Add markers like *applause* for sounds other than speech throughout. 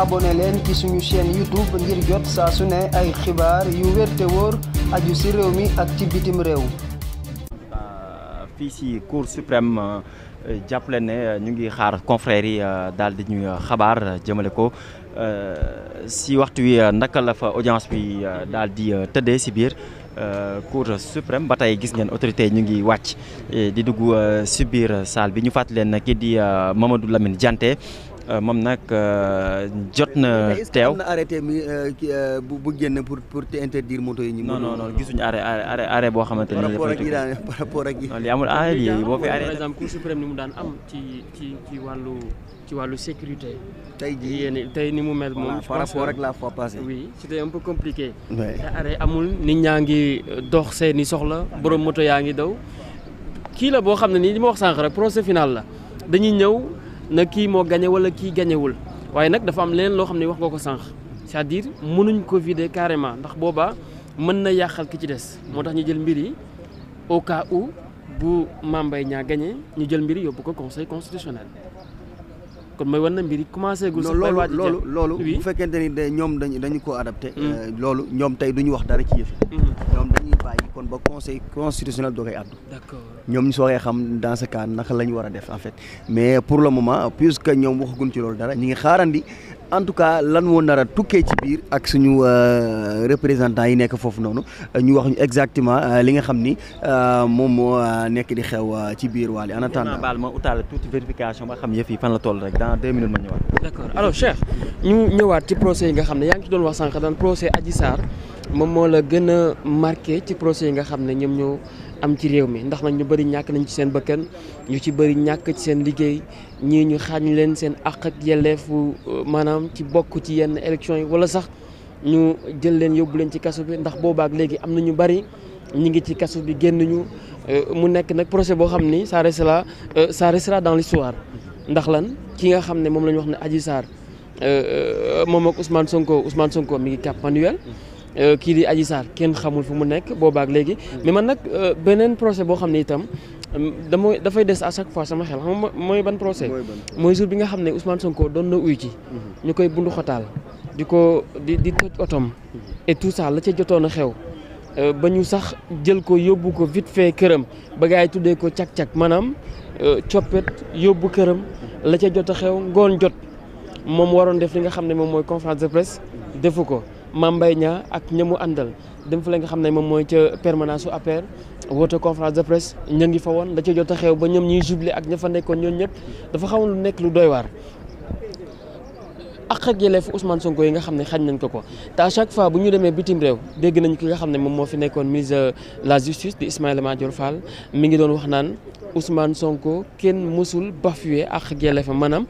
abone leen ci suñu chaîne YouTube ngir jot saa su ne ay xibaar yu wér te wóor aju ci réew mi ak ci bitim réew. Euh, fii si Cour suprême euh, jàppale ne euh, ñu ngi xaar confrères yi dal di ñuy xabaar jëmale ko ci waxtu wi naka la fa audience bi daal di tëddee si biir. Cour suprême ba tey gis ngeen autorité ñu ngi wàcc di dugg si biir salle bi ñu fàttali leen ki di Mamadou Lamine Dianté. Euh, moom nag euh, jot na teew na arrêté mi euh, bu bu génn pour pour te interdire moto yi. ñu non non non gisuñu arrêt arrêt arrêt boo xamante ne. par rapport ak yi daan par rapport ak yi. li amul ni mu daan am ci ci ci wàllu ci wàllu sécurité. tey jii yéen tey ni mu mel moom. par rapport ak la fois passée. oui c'était un peu compliqué. te arrêt amul nit ñaa ngi dox seeni soxla borom moto yaa ngi daw. kii la boo xam ne nii li ma wax sànq rek procès final la dañuy ñëw. na kii moo gañe wala kii gañewul waaye nag dafa am leneen loo xam ne wax nga ko sànq c'est-à-dire mënuñ ko vider carrément ndax boobaa mën na yàqal ki ci des moo tax ñu jël mbir yi au cas où bu Mame Mbaye Niang gañee ñu jël mbir yi yóbbu ko conseil constitutionnel kon mooy wan na mbir yi commencé gul sax loolu loolu loolu bu fekkente ni ñoom dañu dañu ko adapté hmm. euh, loolu ñoom tey duñu wax dara ci yëf bàyyi kon ba conseil constitutionnel doo koy ñoom ñu soogee xam dans ce cas naka la ñu war def en fait mais pour le moment puisque ñoom waxaguñ ci loolu dara ñu ngi xaarandi en tout cas lan moo nara tukkee ci biir ak suñu euh, représentant yi nekk foofu noonu ñu wax ñu exactement euh, li nga xam ni euh, moom moo nekk di xew ci biir Wally en attendant baal ma utaale tuuti vérification ba xam yëf yi fan la toll rek dans deux minutes ma ñëwaat. d'accord alors Cheikh ñu ñëwaat ci procès yi nga xam ne yaa ngi ci doon wax sànq daan procès Adji Sarr moom moo la gën a marqué ci procès yi nga xam ne ñoom ñoo. am ci réew mi ndax nag ñu bëri ñàkk nañ ci seen bëkkan ñu ci bëri ñàkk ci seen liggéey ñii ñu xaañ leen seen àq ak yelleefu euh, maanaam ci bokk ci yenn élection yi wala sax ñu jël leen yóbbu leen ci kaso bi ndax boobaak léegi am na ñu bari ñu ngi ci kaso bi génn ñu euh, mu nekk nag projet boo xam ni ça restera euh, ça dans l'histoire ndax lan ki nga xam ne moom la ñu wax ne Adji Sarr moom ak Ousmane Sonko Ousmane Sonko mi ngi Cap Manuel Euh, kii di Adji Sarr kenn xamul fu mu nekk boobaak léegi. mais man nag euh, beneen procès boo xam ne itam euh, damooy dafay des à chaque fois sama xel xam mooy ban procès. mooy jour bi nga xam ne Ousmane Sonko doon na uy ci. Mhm. ñu koy bundu xotaal di ko di di toj otom. Mhm. et tout ça la ca jotoon a xew. ba ñu sax jël ko yóbbu ko vite fait këram ba gars yi tuddee ko cak-cak maanaam coppet yóbbu këram la ca jot a xew ngoon jot moom waroon def li nga xam ne moom mooy conférence de presse defu ko. Mame Mbaye Niang ak ñamu àndal dem fa la nga xam ne moom mooy ca permanence su APR woote conférence de presse ña ngi fa woon da ca jot a xew ba ñam ñuy juble ak ña fa nekkoon ñoom ñëpp dafa xamoon lu nekk lu doy waar. ak ak ausman Sonko yi nga xam ne xañ nañ ko ko te à chaque fois bu ñu demee bitim réew dégg nañ ki nga xam ne moom moo fi nekkoon ministre la justice di Ismaïla Madior Fall mi ngi doon wax naan Ousmane Sonko kenn mësul bafoué ak ak yelleefam maanaam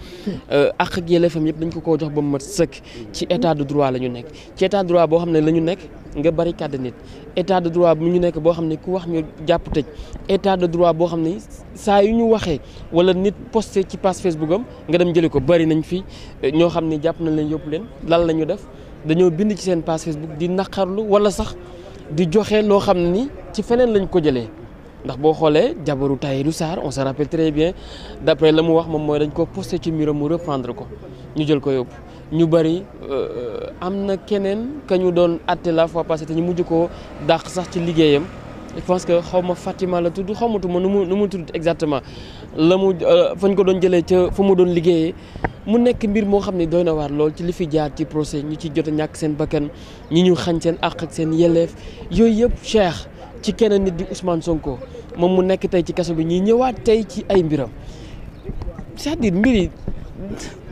euh, ak ak yelleefam yëpp dañ ko koo jox ba mu mat sëkk ci état de droit la ñu nekk ci état de droit boo xam ne la ñu nekk nga barricade nit état de droit bi ñu nekk boo xam ne ku wax ñu jàpp tëj état de droit boo xam ne saa yu ñu waxee wala nit posté ci page Facebook am nga dem jëli ko bari nañu fi eh, ñoo xam ni jàpp nañ leen yóbbu leen lan la ñu def dañoo bind ci seen page Facebook di naqarlu wala sax di joxe loo xam ni ci feneen lañ ko jëlee ndax boo xoolee jabaru Tahirou Sarr on se rappelle très bien d'après la mu wax moom mooy dañ ko posté ci miro mu reprendre ko ñu jël ko yóbbu ñu bëri euh, am na keneen ka doon àtte la fois passée te ñu mujj ko dàq sax ci liggéeyam je pense que xaw ma la tudd xawmatuma nu mu nu mu tudd exactement la mu euh, fañ ko doon jëlee ca fu mu doon liggéeyee mu nekk mbir moo xam ne doy na waar lool ci li fi jaar ci procès ñu ci jot ñàkk seen bakkan ñi ñu xañ seen àq ak seen yeleef yooyu yëpp Cheikh ci keneen nit di Ousmane Sonko moom mu nekk tey ci kaso bi ñuy ñëwaat tey ci ay mbiram c'est-à-dire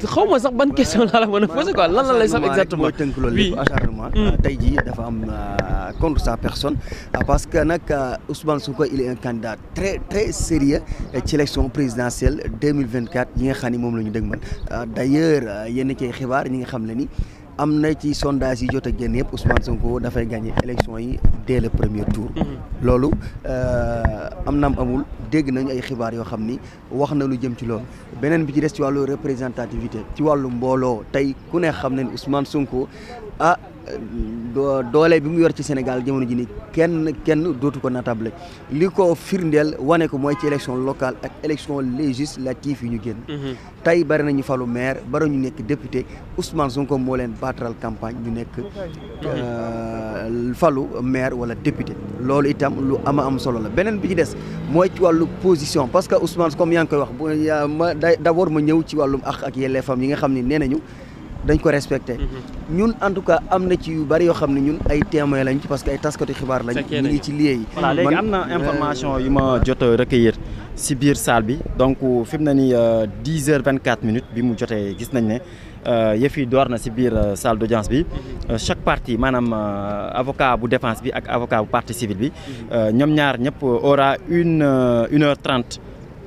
xaw ma sax ban question laa la mën a posé quoi lan la lay sax exactement mooy tënk loolu lépp acharnement hmm. tey jii dafa am euh, contre sa personne ah, parce que nag euh, Ousmane Sonko il est un candidat très très sérieux ci élection présidentielle 2024 yi nga xam ni moom la ñu dëgmal ah, d'ailleurs euh, yenn ci xibaar ñi nga xam ne ni am na ci sondage yi jot a génn yëpp Ousmane Sonko dafay gagné élection yi dès le premier tour. Mhm. loolu euh, am na am amul dégg nañu ay xibaar yoo xam ni wax na lu jëm ci loolu. beneen bi ci des ci wàllu représentativité ci wàllu mbooloo tey ku ne xam ne Ousmane Sonko ah. doole bi mu yor ci Sénégal jamono ji ni kenn kenn dootu ko natable li ko firndeel wane ko mooy ci élection locale ak élection législative yi ñu génn mhm. tey bari nañu falu maire bari ñu nekk député Ousmane Sonko moo leen baataral campagne ñu nekk euh, falu maire wala député loolu itam lu ama am solo la beneen bi ci des mooy ci wàllu position parce que Ousmane comme yaa ngi koy wax ma ma ñëw ci wàllum ak ak yelleefam yi nga xam ne nee nañu dañ ko respecté. Mhm. ñun en tout cas am na ci yu bari yoo xam ne ñun ay témoin lañ ci parce que ay taskatu xibaar lañ. ñu ngi ci lieu yi. am na euh, information yu ma jot a recueillir si biir salle bi donc fi mu ni nii euh, dix heures vingt quatre minutes bi mu jotee gis nañ ne euh, yëf yi door na si biir salle d' audience bi mhm. chaque partie maanaam avocat bu défense bi ak avocat bu partie civile bi mhm. ñoom ñaar ñëpp aura une une heure trente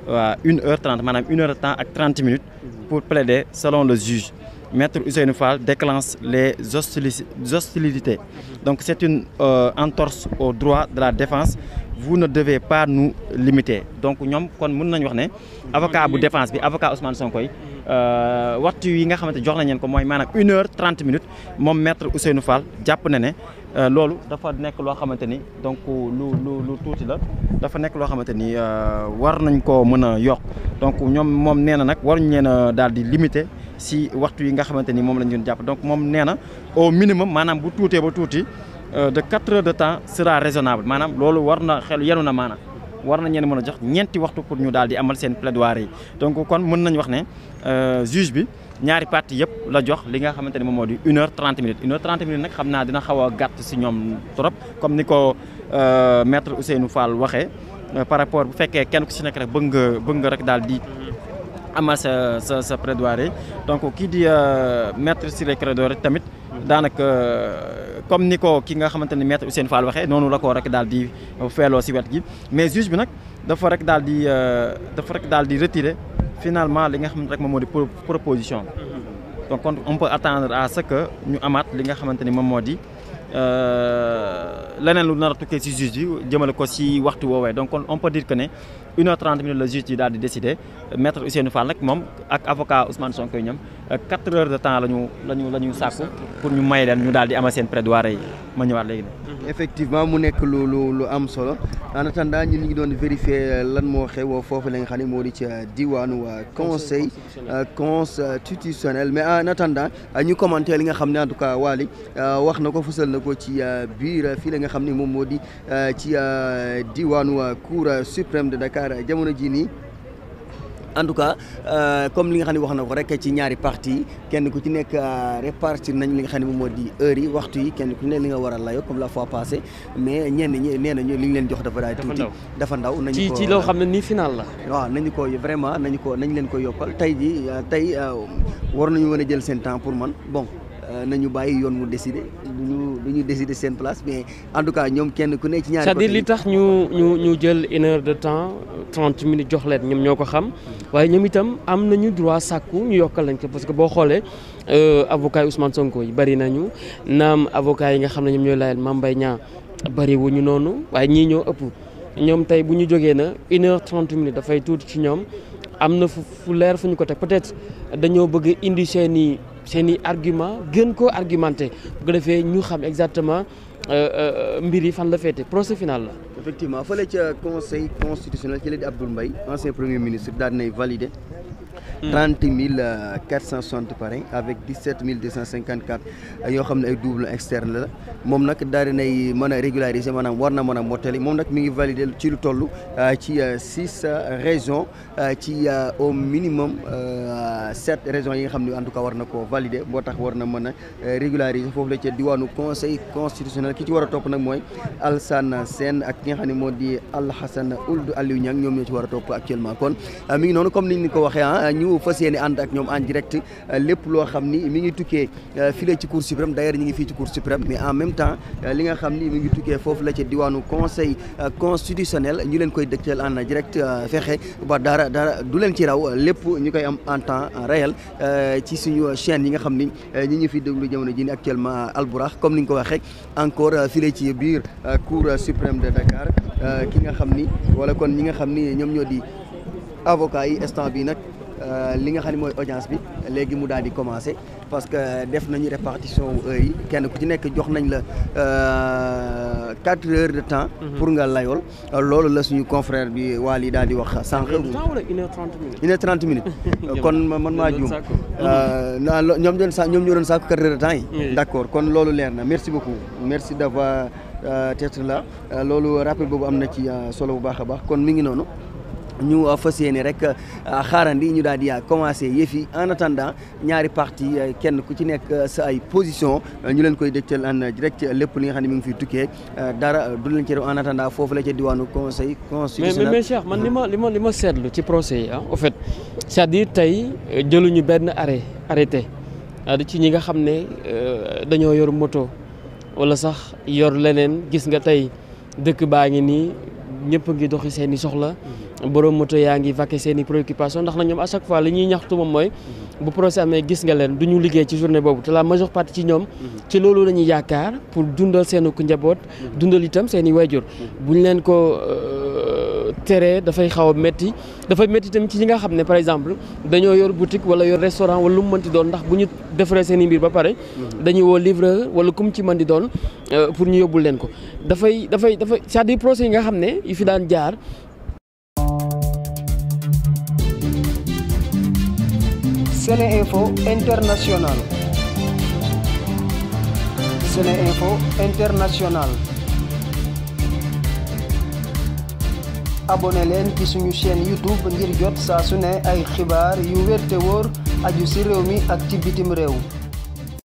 waaw une heure trente maanaam temps ak trente minutes pour plaider selon le juge. Maître Ousseynou Fall déclenche les hostilités. Donc c'est une euh, entorse au droit de la défense. Vous ne devez pas nous limiter. Donc ñoom kon mun nañu wax ne avocat bu défense bi avocat Ousmane Sonko yi euh, waxtu yi nga xamante jox nañ leen ko mooy maanaam une heure trente minutes moom Maître Ousseynou Fall jàpp na ne euh, loolu dafa nekk loo xamante ni donc lu lu lu tuuti la dafa nekk loo xamante ni euh, war nañ ko mën a yokk donc ñoom moom nee na nag waruñu leen a daal di limiter. si waxtu yi nga xamante ni moom lañ doon jàpp donc moom nee na au minimum maanaam bu tuutee ba tuuti euh, de quatre heures de temps sera raisonnable maanaam loolu war na xel yenu na maanaam war na leen mën a jox ñeenti waxtu pour ñu daal di amal seen plaidoirie yi donc kon mën nañ wax ne euh, juge bi ñaari parti yëpp la jox li nga xamante ni moom moo di une heure trente minutes une heure trente minutes nag xam naa dina xaw a gàtt si ñoom trop comme ni ko euh, maître Ousseynou Fall waxee par rapport bu fekkee kenn si nekk bëgg nga bëgg nga rek daal di amal sa sa sa plaidoirie donc kii di euh, maître Ciré Clédor tamit daanaka euh, comme ni ko ki nga xamante ni u seen Fall waxee noonu la ko rek daal di feeloo si wet gi mais juge bi nag dafa rek daal di euh, dafa rek daal di retirer finalement li nga xamante rek moom moo di proposition donc kon on peut attendre à ce que ñu amaat li nga xamante ni moom moo di leneen lu nar a tukkee si juge bi jëmale ko si waxtu woowee donc kon on peut dire que ne une heure trente minutes la juge yi daal di décidé maître Ousseynou Fall nag moom ak avocat Ousmane Sonko ñoom euh, quatre heures de temps la ñu la ñu la ñu sàkku pour ñu may leen ñu daal di amal seen yi ma ñëwaat léegi ne mhm. effectivement mu nekk lu lu am solo en attendant ñun ñu ngi doon vérifier euh, lan moo xew foofu la nga xam ne moo di ci diwaanu euh, conseil constitutionnel mais en attendant ñu commenté nga xam ne en tout wax na ko fësal na ko ci biir fii nga xam ne moom moo di jamono jii nii en tout cas euh, comme li nga xam ne wax na ko rek ci ñaari parti kenn ku ci nekk euh, répartir nañ li nga xam ne moom moo di heure yi waxtu yi kenn ku ne li nga war a layoo comme la fois mais ñenn ñi nee nañu li ñu leen jox dafa daay tuuti dafa ndaw nañu ko ci ci loo xam ne nii final la waaw nañu ko vraiment nañu ko nañ leen ko yokkal tey ji euh, tey war nañu mën a jël seen temps pour man bon Euh, nañu bàyyi yoon mu décider duñu duñu décider seen place mais en tout ñoom kenn ku ne ci ñaari cest tax ñu ñu ñu jël une heure de temps trente minutes jox leen ñoom ñoo ko xam waaye ñoom itam am nañu droit sàkku ñu yokkal lañ ko parce que boo xoolee euh, avocat yi Ousmane Sonko yi bari nañu naam avocat yi nga xam ne ñoom ñooy layal Mame Mbaye Niang bari wuñu noonu waaye ñii ñoo ëpp ñoom tey bu ñu jógee na un heure trente minutes dafay tuuti ci ñoom am na fu leer fu ñu seen i argument gën koo argumenté bu ko defee ñu xam exactement euh, euh, mbir yi fan la féete procès final la. effectivement fële ca conseil constitutionnel ci la di Abdoul mbay ancien premier ministre daal nay validé. Mm. trente mille quatre cent soixante parrains avec dix sept mille deux cent cinquante quatre euh, yoo xam ne ay double externe la moom nag daal dinay mën a régulariser maanaam war moom nag mi ngi valider ci lu toll euh, ci euh, six régions ci au minimum sept régions yi nga xam ne en tout cas war na koo valider boo tax war na mën a régulariser foofu la ca diwaanu conseil constitutionnel ki ci war a topp nag mooy Alsane seen ak ki nga xam ne moo di Alhassane Ould Aliou Niang ñoom ñoo ci war a topp actuellement kon mi ngi noonu ñëw fas yéene ànd ak ñoom en direct euh, lépp loo xam ni mi ngi tukkee euh, file ci cour suprême d'ailleurs ñi ngi fii ci cour suprême mais en même temps euh, li nga xam ni mi ngi tukkee foofu la ca diwaanu conseil constitutionnel ñu leen koy dëgtal en direct fexe ba dara dara du leen ci raw lépp ñu koy am en temps réel ci suñu chaîne yi nga xam ni ñi ñu fi déglu jamono ji ni actuellement Alburax comme ni nga ko waxee encore file ci biir cour suprême de Dakar ki nga xam ni wala kon ñi nga xam ni ñoom ñoo di avocat yi instant nag Euh, li nga xam ne mooy audience bi léegi mu daal di commencer parce que def nañu répartition wu heures kenn ku ci nekk jox nañ la euh, quatre heures de temps. Mhm. pour nga layool loolu la suñu confrère bi Waly daal di wax sànq. une heure trente minutes une heure trente minutes. *laughs* Euh, kon man maa juum naa ñoom doon sa ñoom ñoo doon sàkku quatre heures de temps yi. d'accord kon loolu leer na merci beaucoup merci d'avoir été la loolu rappel boobu am na ci solo bu baax a baax kon mi ngi noonu. ñu euh, fa yéene rek euh, xaarandi ñu daal di euh, commencé yëf yi en attendant ñaari parti kenn ku ci nekk sa ay position ñu leen koy dégtal en direct lépp li nga xam ne mi ngi fiy tukkee dara du en attendant foofu la ca diwaanu conseil constitutionnel. mais mais Cheikh li ma li ma li ma seetlu ci procès yi ah en fait c'est-à-dire tey jëluñu benn arrêt arrêté ah, ci ñi nga xam ne dañoo yor moto wala sax yor leneen gis nga tey dëkk baa ngi nii ñëpp ngi doxi seeni soxla. Mm-hmm. borom moto yaa ngi vaquer seen i préoccupation ndax na ñoom à chaque fois li ñuy mooy bu procès amee gis nga leen du ñu liggéey ci journée boobu te la majeure partie ci ñoom ci loolu la yaakaar pour dundal seen ku njaboot dundal itam seen i waajur buñ leen ko euh, tere dafay xaw a métti dafay métti tamit ci ñi nga xam ne par exemple dañoo yor boutique wala yor restaurant wala lu mu mënti doon ndax bu ñu defaree seen mbir ba pare dañuy woo livreur Seneinfo International Seneinfo International leen ci sunu chaîne YouTube ngir jot saa su ne ay xibaar yu wér te aju ci réew mi ak ci bitim réew